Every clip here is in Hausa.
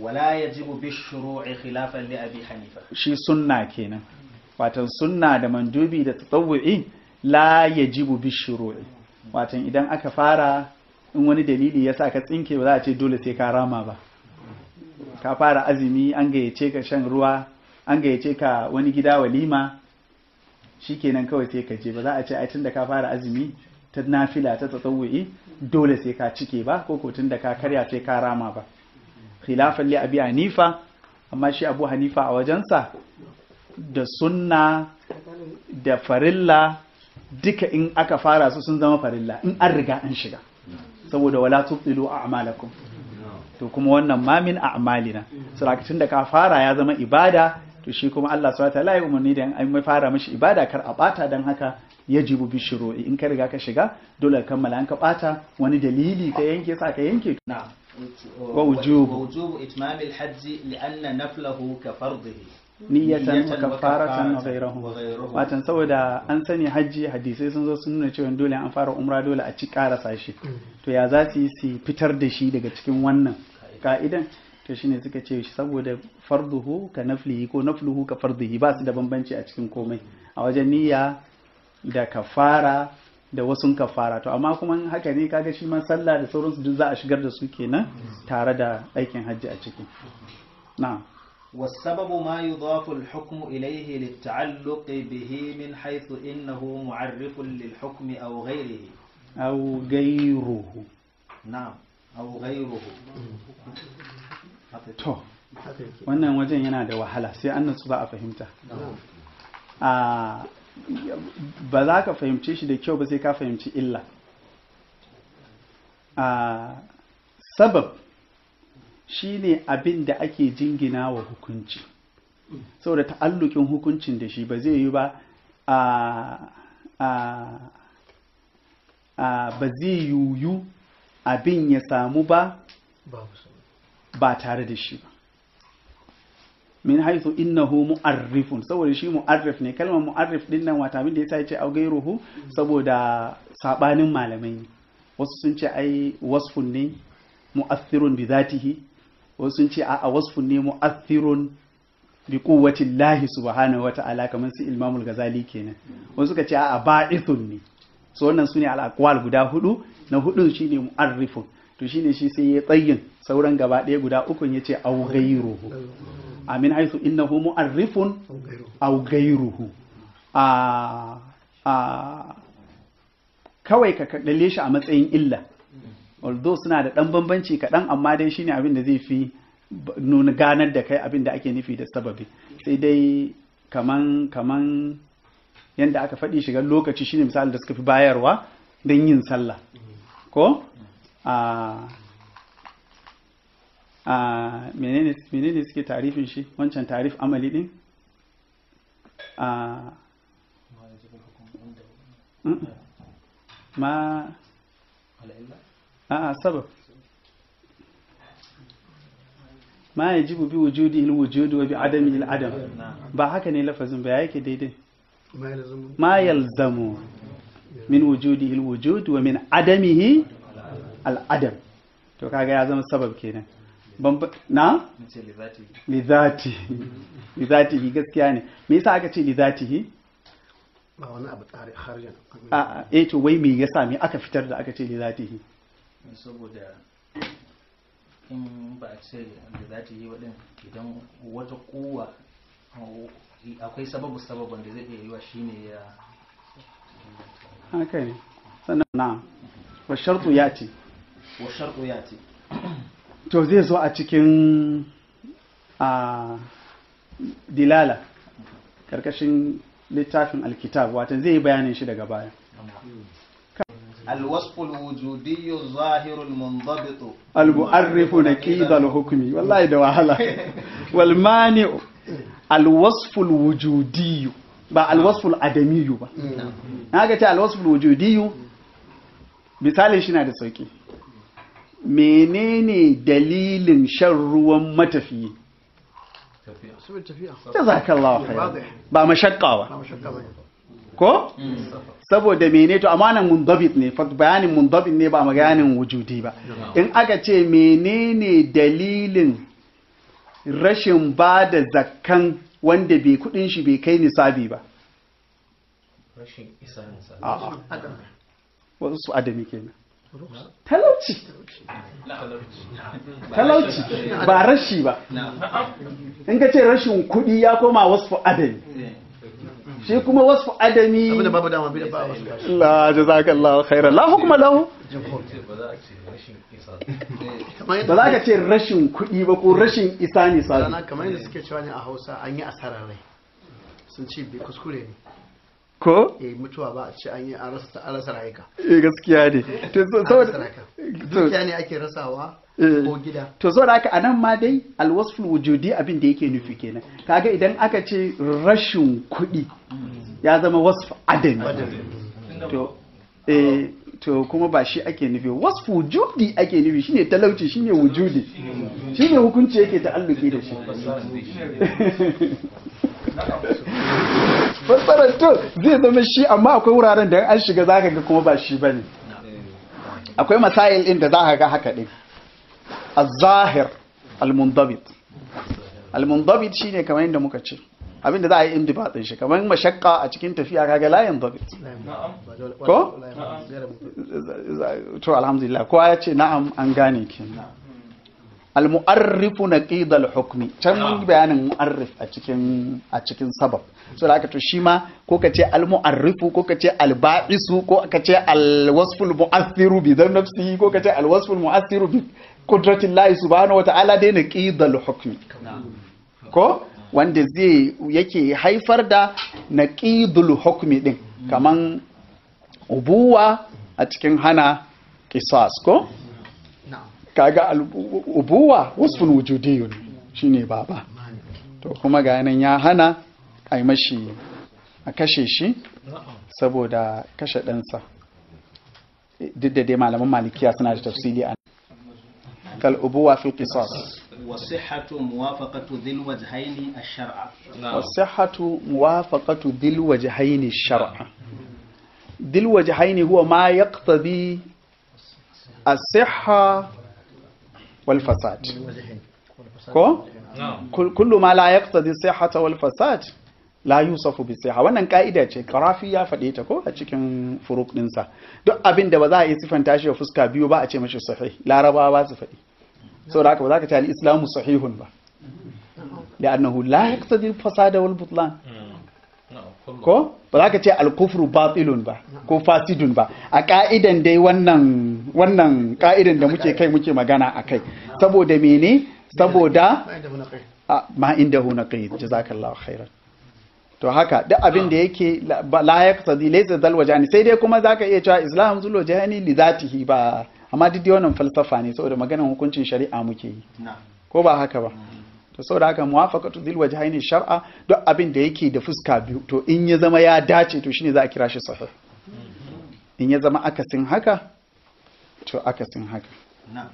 wala yajibu a khilafan li abi hanifa shi sunna kenan watan sunna da mandubi da tsawo'i la ya bu bishuru'i watan idan aka fara in wani dalili ya sa ka tsinke ba za a ce dole sai ka rama ba ka fara azumi an gayyace ka shan ruwa an gayyace ka wani gida walima shi kenan kawai sai ka je ba za a ce a tun da ka fara azumi ta nafila ta tasawu'i dole sai ka cike ba ko kotun da ka karya sai ka rama ba khilafan li abi hanifa amma shi abu hanifa a wajensa da sunna da farilla duka in aka fara su sun zama farilla in an riga an shiga saboda wala a a'malakum to kuma wannan mamin a a'malina sarakacin da ka fara ya zama ibada to shi kuma Allah subhanahu wa ta'ala ya umarni da an fara mishi ibada kar a ɓata dan haka yajibu bi shuru'i in ka riga ka shiga dole ka kammala an ka bata wani dalili ka yanke sa ka yanke na wa wujubu wujubu itmam al-hajj naflahu ka fardihi niyatan wa kafaratan wa ghayruhu watan saboda an sani hajji hadisai sun zo sun nuna cewa dole an fara umra dole a ci karasa shi to ya za su yi fitar da shi daga cikin wannan ka'idan to shine suka ce shi saboda farduhu ka naflihi ko nafluhu ka farduhi ba su da bambanci a cikin komai a wajen niyya da kafara da wasu kafara to amma kuma haka ne kaga shi ma sallah da sauransu duk za a shigar da su kenan tare da aikin hajji a ciki na'am والسبب ما يضاف الحكم إليه للتعلق به من حيث إنه معرف للحكم أو غيره أو غيره نعم أو غيره تو wannan wajen yana da wahala sai an nutsu za a fahimta ba za ka fahimce shi da kyau ba sai ka fahimci illa a sabab shine abin da ake jingina wa hukunci saboda ta'allukin hukuncin da shi ba zai yi ba a ba zai yuyu abin ya samu ba ba tare da shi ba min haisu innahu mu'arrifun saboda shi mu'arrif ne kalmar mu'arrif din nan wata abin da yasa yace au gairuhu saboda sabanin malamai ne wasu sun ce ai wasfun ne mu'athirun bi zatihi wasu sun ce a'a wasfun ne mu'athirun bi quwwati llahi subhanahu wata'ala kamar su Imam ghazali kenan wasu suka ce a'a ba'ithun ne so wannan sune al-aqwal guda hudu na hudun shine mu'arrifun to shine shi sai ya tsayin sauran gaba ɗaya guda ukun yace au gairuhu amin haisu innahu mu'arrifun aw gairuhu a a kawai ka kalle shi a matsayin illa although suna da ɗan bambanci kaɗan amma dai shine abin da zai fi nuna ganar da kai abin da ake nufi da sababi sai dai kaman kaman yanda aka faɗi shiga lokaci shine misali da suka fi bayarwa don yin sallah ko a a menene suke tarifin shi wancan tarif amali din a ma a sabab ma ya ji bubi wujudi il wujudu wa bi adami il adam ba haka ne lafazin ba yake daidai ma yalzamu min wujudi il wujudu wa min adamihi al adam to kaga ya zama sabab kenan na lidati lidati gaskiya ne me yasa aka ce lidatihi ba wani abu tsari har yana a eh to wai me yasa me aka fitar da aka ce lidatihi saboda in ba a ce lidatihi wadin idan wata kowa akwai sababu sababu da zai iya yiwa shine ya haka ne sannan na wa ce. yati wa ya ce. to zai zo a cikin a dilala karkashin littafin alkitab watan zai yi bayanin shi daga baya alwasful wujudiyyu zahirul munzabitu almu'arrifu naqid hukumi, wallahi da wahala wal mani alwasful wujudiyu, ba alwasful Adamiyu ba mm. naga ta alwasful wujudiyu, misalin shi na da sauki menene dalilin shan ruwan matafiyi jazakallahu khairan ba mashakka ba ko hmm. saboda mene to amanan mundabit ne bayanin mundabit ne ba maganin wujudi ba in aka ce menene dalilin rashin ba da zakkan wanda bai kudin shi bai kai nisabi ba rashin isa nisabi wasu adami kenan talauci talauci ba rashi ba in ka ce rashin kuɗi ya koma wasu adami shi kuma wasu adami abinda babu dama bi ba wasu la jazakallahu khairan la hukma lahu ba za ka ce rashin kuɗi ba ko rashin isa ne sabi kamar yadda suke cewa ne a Hausa an yi asara rai sun ce bai kuskure ne ko eh mutuwa ba a ce an yi arasa rasa rasa rayuka eh gaskiya ne eh, to saboda gaskiya ne ake rasawa eh. ko gida to da haka anan ma dai alwasful wujudi abin da yake nufi kenan kaga idan aka ce rashin kuɗi hmm. ya zama wasf adam to eh to kuma ba shi ake nufi wasfu wujudi ake nufi shine talauci shine wujudi shine hukunci yake ta ta'alluki da shi fassarar to zai zama shi amma akwai wuraren da an shiga ka ga kuma ba shi ba ne akwai masail ɗin da ka ga haka ɗin a zahir al-mundabit al-mundabit shine kamar yadda muka ce abinda za a yi ɗin shi kamar mashakka a cikin tafiya ga layin dabit ko to alhamdulillah kowa ya ce na'am an gane na'am almu'arrifu na naqid hukmi can mun bayanin mu'arrif a cikin a cikin sabab so da aka to shi ma ko ka ce almu'arrifu ko ka ce alba'isu ko ka ce alwasful mu'athiru bi dan nafsihi ko ka ce alwasful mu'athiru bi qudratillahi subhanahu wa ta'ala dai na al-hukmi ko wanda zai yake haifar da na naqidul hukmi din mm. kaman ubuwa a cikin hana qisas ko kaga ubuwa wujudi yuni shine baba to kuma ga nan ya hana a yi mashi a kashe shi saboda kashe ɗansa duk da dai malaman malikiya suna da tafsiri a kal ubuwa fi qisas wasihatu muwafaqatu dhil wajhayni ash-shar'a wasihatu muwafaqatu dhil wajhayni ash-shar'a dhil wajhayni huwa ma yaqtadi as-sihha Kulluma fasad ko kullu ma la yaqtadi sihhata wal fasad la yusafu bi sihha wannan ka'ida ce qarafi ya faɗita ta ko a cikin furuq dinsa duk abin da ba za a yi sifanta shi da fuska biyu ba a ce mashi sahih larabawa ba su faɗi saboda haka ba za ka ta al-islamu sahihun ba mm-hmm. la'annahu la yaqtadi al-fasada wal butlan mm. ko ba za ka ce alkufru batilun ba ko fasidun ba a ka'idan dai wannan wannan ka'idan da muke kai muke magana a kai saboda mene saboda ma inda za naqid jazakallahu khairan to haka duk abin da yake la yaqtadi laysa dal wajani sai dai kuma zaka iya cewa islam zul wajani li zatihi ba amma duk wannan falsafa ne saboda maganan hukuncin shari'a muke yi ko ba haka ba mm. to saboda haka muwafaqatu dhil wajhaini shar'a duk abin da yake da fuska biyu to in ya zama ya dace to shine za a kira shi sahih in ya zama akasin haka to akasin haka Na.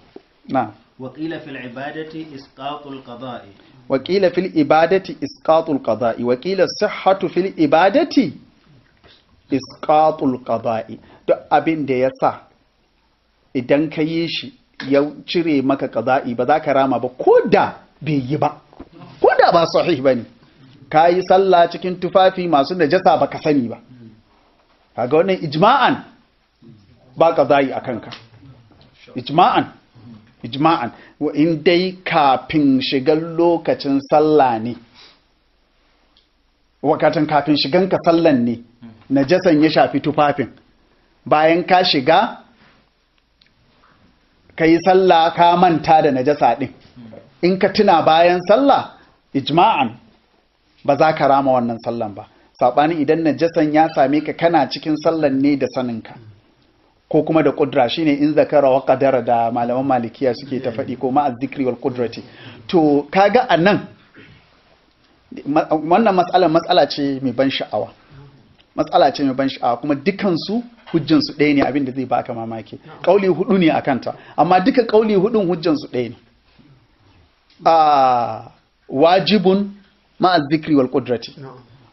na'am ibadati في العبادة إسقاط القضاء وقيل في العبادة إسقاط القضاء وقيل sihhatu fil ibadati isqatul qada'i duk abin da ya sa idan ka yi shi ya cire maka qada'i ba za ka rama ba ko da bai yi ba ko da ba sahih bane ka yi sallah cikin tufafi masu najasa ba ka sani ba ga wannan ijma'an ba ka a kanka ijma'an ijma'an in dai kafin shigan lokacin sallah ne wakatan kafin shigan ka sallan ne najasan ya shafi tufafin bayan ka shiga ka yi sallah ka manta da najasa din in ka tuna bayan sallah ijma'an ba za ka rama wannan sallan ba saɓanin idan najasan ya same ka kana cikin sallan ne da saninka ko kuma da kudra shine in zakara wa qadara da malaman malikiya suke ta faɗi ko ma'a zikri wal qudrati to kaga anan wannan matsala matsala ce mai ban sha'awa matsala ce mai ban sha'awa kuma dukansu hujjansu ɗaya ne abin zai baka mamaki kauli hudu ne a kanta amma duka kauli hudun hujjansu ɗaya ne wajibun ma'az zikri wal kudrati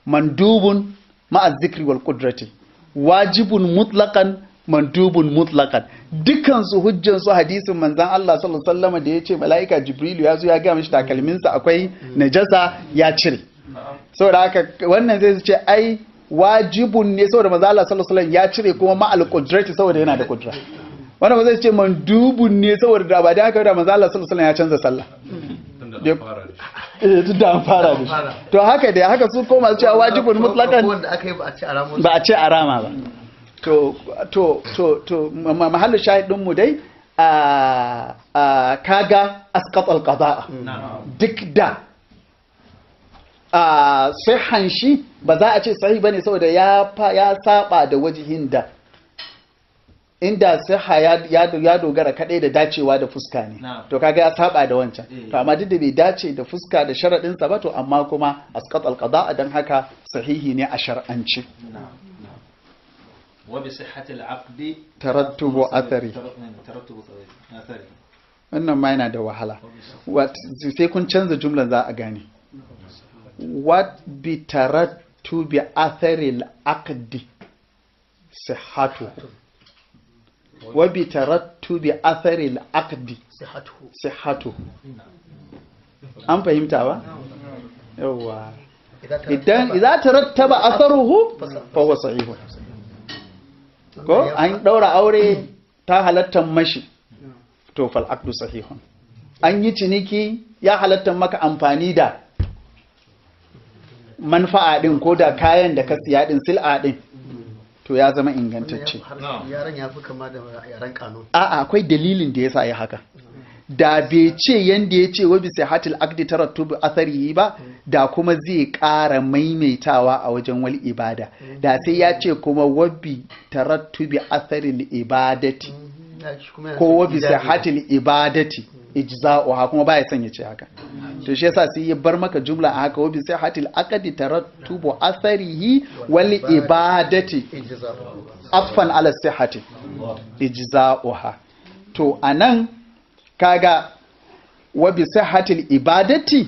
mandubun ma'az zikri wal kudrati wajibun mutlakan mandubun mutlakan dukkan su hujjan su hadisin manzon Allah sallallahu alaihi wasallam da yace malaika jibrilu ya zo ya ga mishi takalminsa akwai najasa ya cire saboda haka wannan zai ce ai wajibun ne saboda manzan Allah sallallahu alaihi wasallam ya cire kuma ma'al qudrati saboda yana da qudra wanda ba zai ce dubu ne saboda da ba da yi da manzo Allah sallallahu ya canza sallah duk da an fara da shi eh, to haka dai haka su koma su a wajibun mutlakan ba a ce arama ba to to to to mahallin shahidin mu dai a kaga asqat alqada duk da a sai hanshi ba za a ce sahi bane saboda ya ya saba da wajihin da inda siha ya dogara kadai da dacewa da fuska ne to kaga ya saba da wancan eh. to amma duk da bai dace da fuska da sharadin sa ba to amma kuma asqat alqada dan haka sahihi ne a shar'anci wa bi sihhati al'aqd tarattubu athari tarattubu athari wannan ma yana da wahala sai kun canza jumlan za a gane what bi tarattubi athari al'aqd sihhatu wa bi tarattubi athari al-aqdi sihhatu an fahimta ba yawa idan idza tarattaba atharuhu fa huwa sahih ko an daura aure ta halatta mashi to fal aqdu sahihun an yi ciniki ya halatta maka amfani da manfa'a din ko da kayan da ka siya din sil'a din to ya zama ingantacce Yaren ya fi kama da yaren kano. a'a akwai dalilin da ya sa ya haka da bai ce yadda ya ce wabi sai hatil akdi tarattubu yi ba da kuma zai ƙara maimaitawa a wajen wal ibada da sai ya ce kuma wabi tarattubi atharil ibadati ko sai hatil ibadati ijza'uha kuma baya son ya ce haka to shi yasa sai ya bar maka jumla a haka wabi sai hatil akadi tarattubu asarihi wal ibadati afan ala sihhati ijza'uha to anan kaga wabi hatil ibadati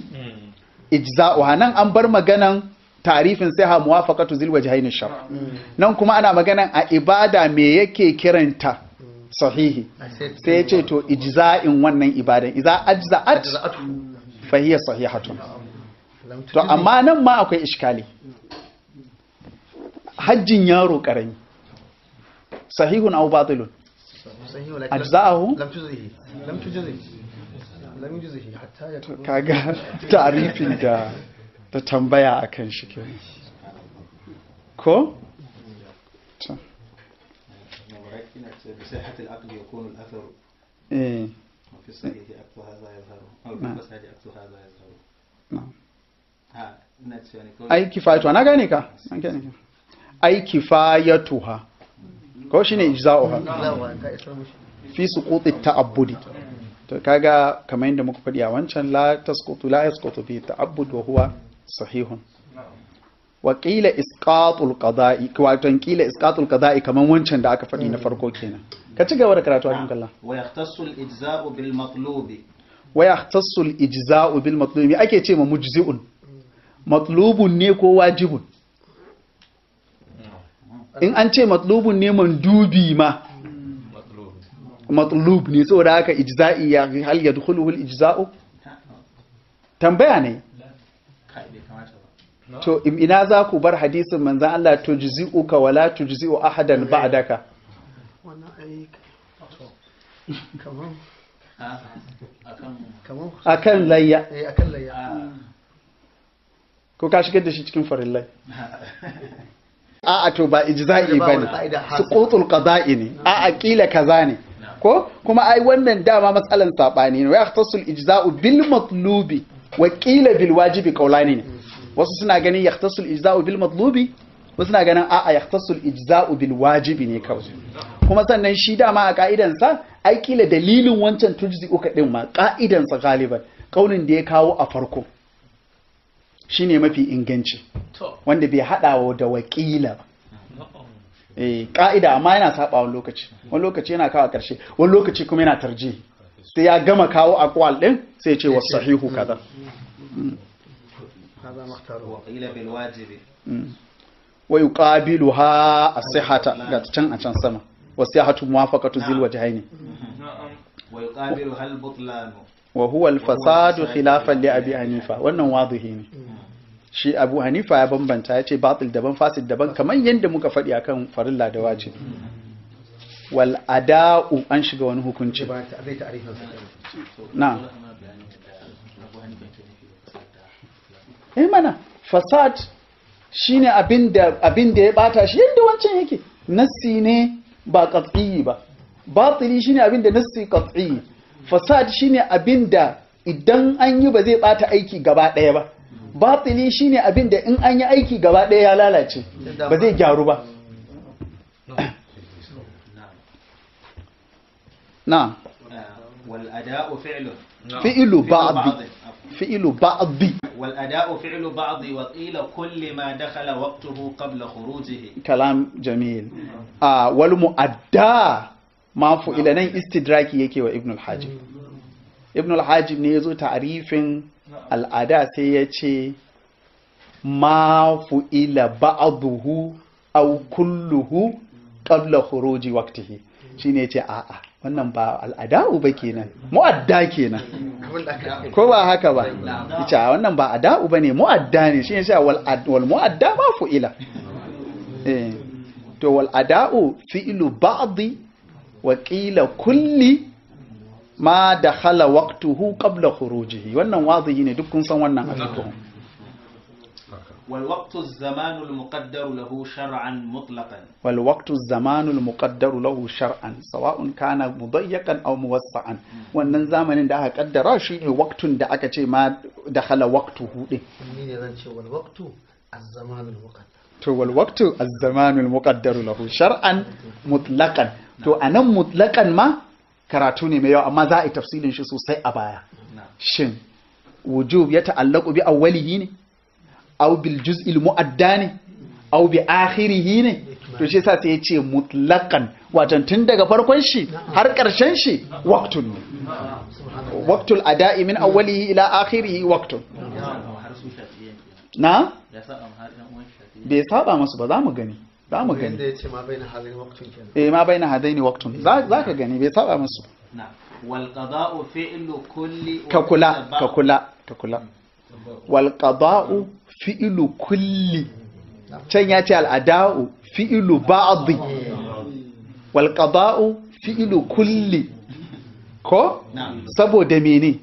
ijza'uha nan an bar maganan tarifin siha muwafaqatu zil wajhayn shar hmm. nan kuma ana maganan a ibada me yake kiranta sahihi sai ya ce to ijza'in wannan ibadan iza ajza'at fa hiya sahihatun to amma nan ma akwai iskali hajjin yaro karami sahihun aw batilun ajza'ahu lam tujzihi lam tujzihi lam hatta yakun kaga ta'rifin da ta tambaya akan shi ko Aiki العقل يكون الأثر إيه وفي الصحيح أكثر هذا يظهر أو في الصحيح أكثر هذا يظهر نعم ها ai kifayatuha na gane to kaga kamar yadda muka faɗi a wancan la tasqutu la yasqutu fi ta'abbud wa huwa sahihun وقيل إسقاط القضاء كواتن قيل إسقاط القضاء كما وانشن داك فدي نفرقو كينا كتشي غور كراتو عليك الله نعم. ويختص الإجزاء بالمطلوب ويختص الإجزاء بالمطلوب أكي تشي مجزئ مطلوب نيكو واجب إن أنت مطلوب نيمن دوبي ما مطلوب نيسو راك إجزائي هل يدخله الإجزاء تنبيعني to ina za ku bar hadisin manzan Allah to tujzi'uka wala tujzi'u ahadan A ah, kan layya eh, ah. ko ka shigar da shi cikin farillai a'a to ba ijza'i bane suqutul qada'i ne a'a ƙila kaza ne ko kuma ai wannan dama matsalan saɓani ne wa yahtasul ijza'u bil matlubi wa qila bil wajibi ƙaulani ne hmm. wasu suna ganin yahtasul ijza'u bil matlubi wasu suna ganin a'a yahtasul ijza'u bil wajibi ne kawai kuma sannan shi dama a ka'idan sa ai kila dalilin wancan tujzi uka din ma ka'idan galiban kaunin da ya kawo a farko shine mafi inganci wanda bai wa da wakila ba eh, ka'ida amma yana saba wani lokaci wani lokaci yana kawo ƙarshe wani lokaci kuma yana tarji sai ya gama kawo akwal ɗin sai ce wasu sahihu kaza mm. هذا ما اختاره وقيل بالواجب ويقابلها الصحة قد تشن أشان سما والصحة موافقة ذي الوجهين ويقابلها البطلان وهو الفساد خلافا لأبي حنيفة wannan waduhi ne shi Abu Hanifa ya bambanta ya ce batil daban fasid daban kamar yadda muka faɗi akan farilla da wajibi wal ada'u an shiga wani hukunci na eh mana fasad shine abinda abinda abin da ya bata shi yanda wancan yake nassi ne ba qat'i ba batili shine abin da nassi qat'i fasad shine abin da idan an yi ba zai bata aiki gaba ɗaya ba batili shine abin da in an yi aiki gaba ɗaya ya lalace ba zai gyaru ba na wal ada'u fi'lu fi'lu ba'd fi'ilu ba'dhi wal ada'u fi'lu kulli ma dakhala waqtuhu qabla khurujihi kalam jamil ah wal mu'adda ma fu'ila nan istidraki yake wa ibn al-hajib ibn al-hajib ne yazo ta'rifin al'ada sai ya ce ma fu'ila ba'dhuhu aw kulluhu qabla khuruji waqtihi shine yace a'a wannan ba al'ada'u ba kenan mu'adda kenan ko ba haka ba ita wannan ba ada'u bane mu'adda ne shi yasa wal wal mu'adda ma fu'ila eh to wal ada'u fi'lu ba'dhi wa qila kulli ma dakhala waqtuhu qabla khurujihi wannan wazihi ne duk kun san wannan a cikin والوقت الزمان المقدر له شرعا مطلقا والوقت الزمان المقدر له شرعا سواء كان مضيقا او موسعا wannan zamanin da aka kaddara shi ne waktun da aka ce ma dakhala waqtu din ni ne zan ce wal waqtu az-zaman al-muqaddar to wal waqtu az-zaman al-muqaddar lahu shar'an mutlaqan to anan mutlaqan ma karatu ne mai yawa amma za a yi tafsilin shi sosai a baya shin wujub ya ta'allaqu bi awwalihi ne au bil juz'il mu'addani au bi akhirihi ne to shi yasa sai ya ce mutlaqan wato tun daga farkon shi har karshen shi waqtun waqtul ada'i min awwalihi ila akhirihi waqtun na bai saba masu ba za mu gani za mu gani eh ma baina hadaini waqtun za ka gani bai saba masu na wal qada'u fi'lu kulli ka kula ka kula ka kula wal qada'u fi'ilu kulli can ya ce al'ada'u fi'ilu ba'adhi wal qada'u fi'ilu kulli ko saboda mene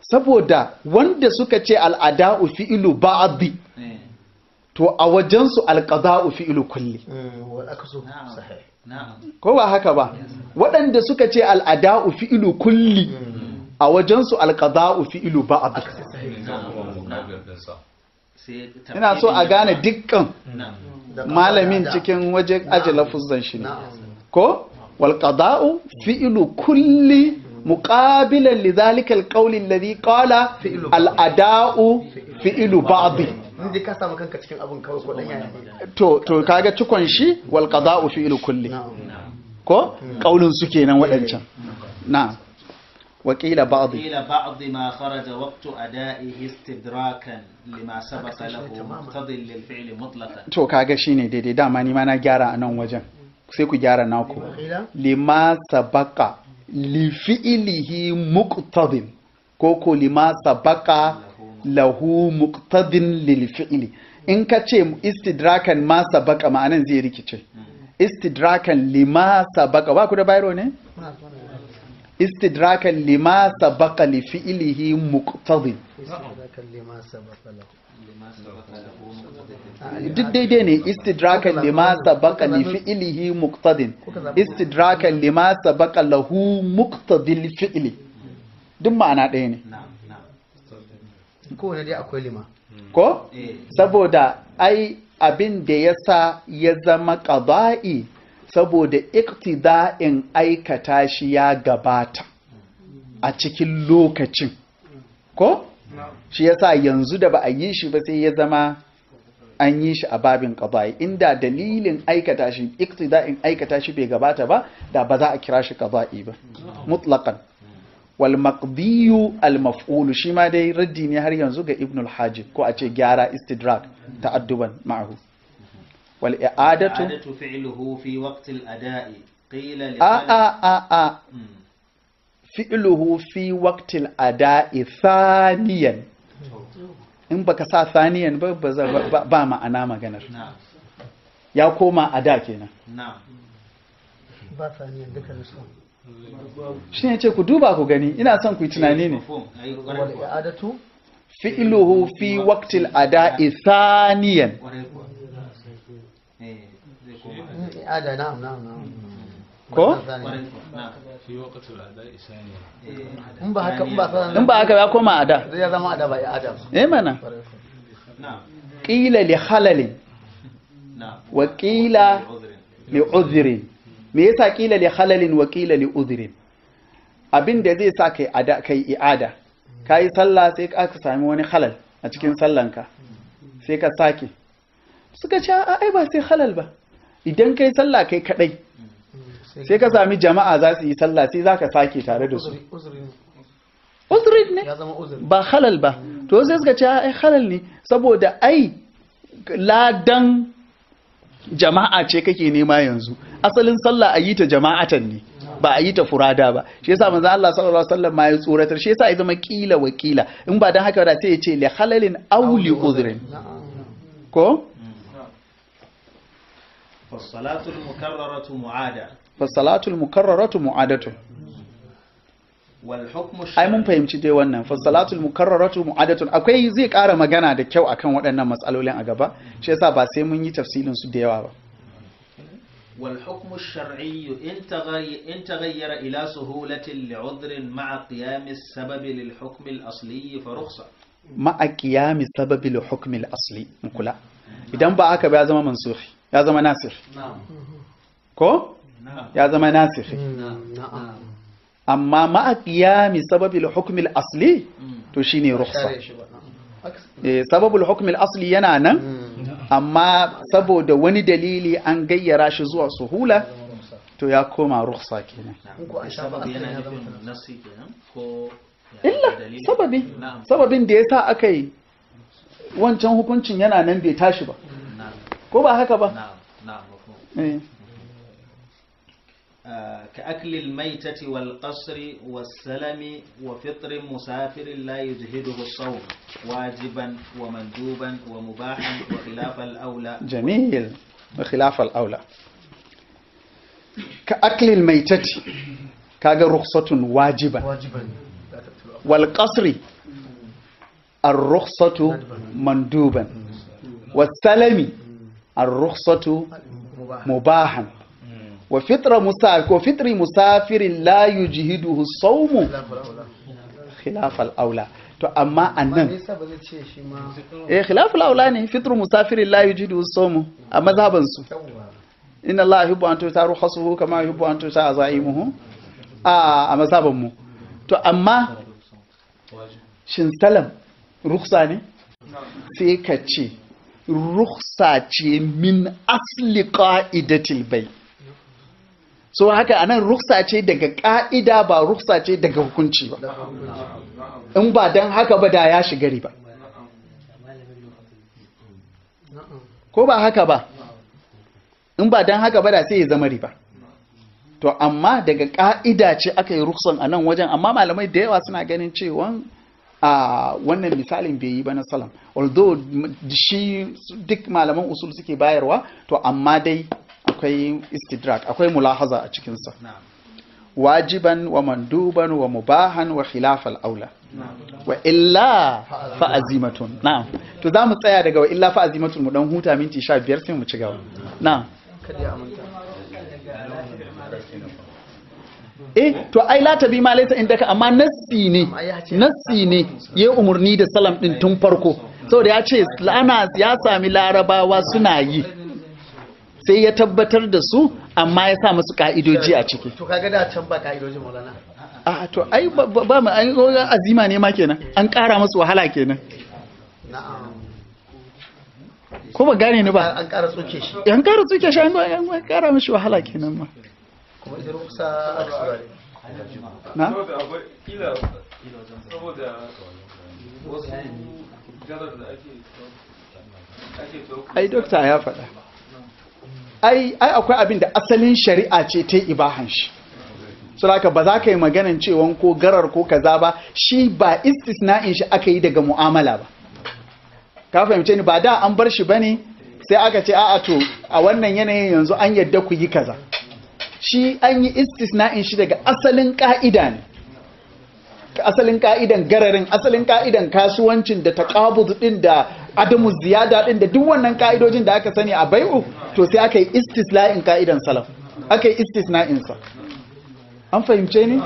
saboda wanda suka ce al'ada'u fi'ilu ba'adhi to a wajensu alƙaza'u fi'ilu kulli ko ba haka ba waɗanda suka ce al'ada'u fi'ilu kulli a wajensu alƙaza'u fi'ilu ba'adhi ina so a gane dukkan malamin cikin waje aji lafuzan shi ne ko Walƙaza'u qada'u fi'lu kulli muƙabilan li zalika al alladhi qala al ada'u fi'lu ba'd ka samu kanka cikin abin kawai ko dan to to kaga cikon shi Walƙaza'u fiilu fi'lu kulli ko ƙaunin su kenan waɗancan. na'am وقيل بعض a بعض ما خرج وقت أدائه استدراكا لما سبق له مقتضي للفعل مطلقا تو كاغا شيني ديدي داما ني ما نا غيارا انان وجن sai ku gyara naku lima sabaka fi'ilihi muqtadin ko ko lima sabaka lahu muqtadin lil fi'ili in ka ce istidrakan ma sabaka ma'anan zai rikice istidrakan lima sabaka ba ku da bayro ne istidrakan lima sabaqa li fi'lihi muqtadin duk daidai ne istidrakan lima sabaqa li fi'lihi muktadin istidrakan lima sabaqa lahu muqtadil fi'li duk ma'ana ɗaya ne kowane dai akwai lima ko saboda ai abin da sa ya zama ƙaba'i. saboda iktida'in aikata shi ya gabata a cikin lokacin ko shi yasa yanzu da ba a yi shi ba sai ya zama an yi shi a babin kazai inda dalilin aikata shi iktida'in aikata shi bai gabata ba da ba za a kira shi kazai ba mutlaqan wal maqdiyu al maf'ul shi ma dai raddi ne har yanzu ga ibn al ko a ce gyara istidrak ta'adduban ma'ahu wal i'adatu i'adatu fi'luhu fi waqti adai qila li a a a a fi'luhu fi sa saniyan ba ba ma'ana maganar ya koma a da kenan ba thaniyan shi ne ce ku duba ku gani ina son ku yi tunani ne fi'iluhu fi waqtil ada'i thaniyan al'ada ah, na'am na'am na'am hmm. ko eh, in ba haka in ba haka ya koma ada zai zama ada ba ada eh mana qila li halalin wa qila li uzrin me yasa qila li halalin wa qila li uzrin abin da zai sa kai ada kai i'ada kai sallah sai ka sami wani halal a cikin sallanka sai ka sake suka ce ai ba sai halal ba idan kai sallah kai kadai mm. sai ka sami jama'a za su yi sallah sai za ka sake tare da su uzuri ne ba halal ba to sai suka ce ai halal ne saboda ai ladan jama'a ce kake nema yanzu asalin sallah a yi ta jama'atan ne ba a yi ta furada ba shi yasa manzo Allah sallallahu alaihi wasallam ma ya tsoratar shi yasa ya zama kila wakila in ba dan haka ba da sai ya ce li halalin awli li uzrin ko fassalatul mukarraratu mu'ada mu'adatu ai mun fahimci dai wannan fassalatul mukarraratu mu'adatu akwai zai ƙara magana da kyau akan waɗannan matsalolin a gaba shi yasa ba sai mun yi tafsilin su da yawa ba wal hukmu shar'iyyu in taghayyara ila suhulatin li'udrin ma'a qiyami sababi lil hukm al asli fa rukhsa ma'a qiyami sababi lil hukm al asli mukula idan ba aka ba zama mansuhi يا زما ناسخ نعم. كو يا زما ناسخ اما ما قيام سبب الحكم الاصلي نعم. تو شيني رخصه نعم. إيه، سبب الحكم الاصلي ينا انا اما سبب وني دليلي ان غير شي زوا سهوله تو يا كوما رخصه كو سبب ينا نسي كينا كو يعني سببي سببين دي يسا اكاي wancan hukuncin yana nan bai tashi ba mm. ko ba haka ba na'am na'am mafhum كأكل الميتة والقصر والسلم وفطر مسافر لا يجهده الصوم واجبا ومندوبا ومباحا وخلاف الأولى جميل وخلاف الأولى كأكل الميتة كاغا رخصة واجبا والقصر الرخصة مندوبا والسلم الرخصة مباحا وفطر مسافر وفطر مسافر لا يجهده الصوم خلاف الأولى تو أما أن إيه خلاف الأولى فطر مسافر لا يجهده الصوم أما ذهب إن الله يحب أن تؤتى رخصه كما يحب أن تؤتى عزائمه آه أما ذهب تو أما شن سلم رخصاني سيكتشي نعم. ruksa ce min asli qa'idatil bai so haka anan rukhsa ce daga ka'ida ba rukhsa ce daga hukunci ba in ba don haka ba da ya shiga riba ko ba haka ba in ba don haka ba da sai ya zama riba to amma daga ƙa'ida ce aka yi ruksan anan wajen amma malamai da yawa suna ganin cewa a wannan misalin bai yi ba na salam although shi duk malaman usul suke bayarwa to amma dai akwai istidrak akwai mulahaza a cikinsa wajiban wa manduban wa mubahan wa khilafal aula wa illa fa azimatun na'am to za mu tsaya daga wa illa fa azimatun mu dan huta minti 15 sai mu ci gaba na'am kada ya amanta eh to ai la tabi ma laita indaka amma nassi ne nassi ne ya umurni da salam din tun farko saboda ya ce ana ya sami larabawa suna yi sai ya tabbatar da su amma ya sa musu ka'idoji a ciki to kaga da can ba ka'idoji maulana a to ai ba mu ai azima ne ma kenan an ƙara musu wahala kenan na'am ko ba gane ni ba an ƙara tsoke shi an ƙara tsoke shi an ƙara mishi wahala kenan ma ai dokta ya faɗa ai akwai abin da asalin shari'a ce ta ibahan shi saboda ba za ka yi maganan cewa ko garar ko kaza ba shi ba istisna'in shi aka yi daga mu'amala ba ka fahimce ni ba da an bar shi ba ne? sai aka ce a'a to a wannan yanayin yanzu an yadda ku yi kaza shi an yi istisna'in shi daga asalin ka'ida ne asalin ka'idan gararin asalin ka'idan kasuwancin da taqabud din da adamu ziyada din da duk wannan ka'idojin da aka sani a bai'u to sai aka yi istisla'in ka'idan salaf aka yi istisna'in sa an fahimce ni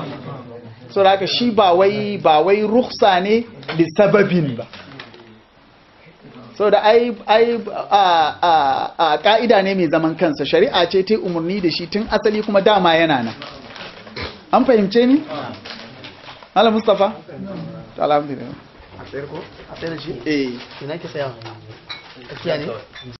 saboda shi ba wai ba wai ne li sababin ba saboda ai ai a a ka'ida ne mai zaman kansa shari'a ce ta umurni da shi tun asali kuma dama yana nan an fahimce ni Allah Mustafa alhamdulillah a tsere ko a tsere shi eh ina ki saya tafiya ne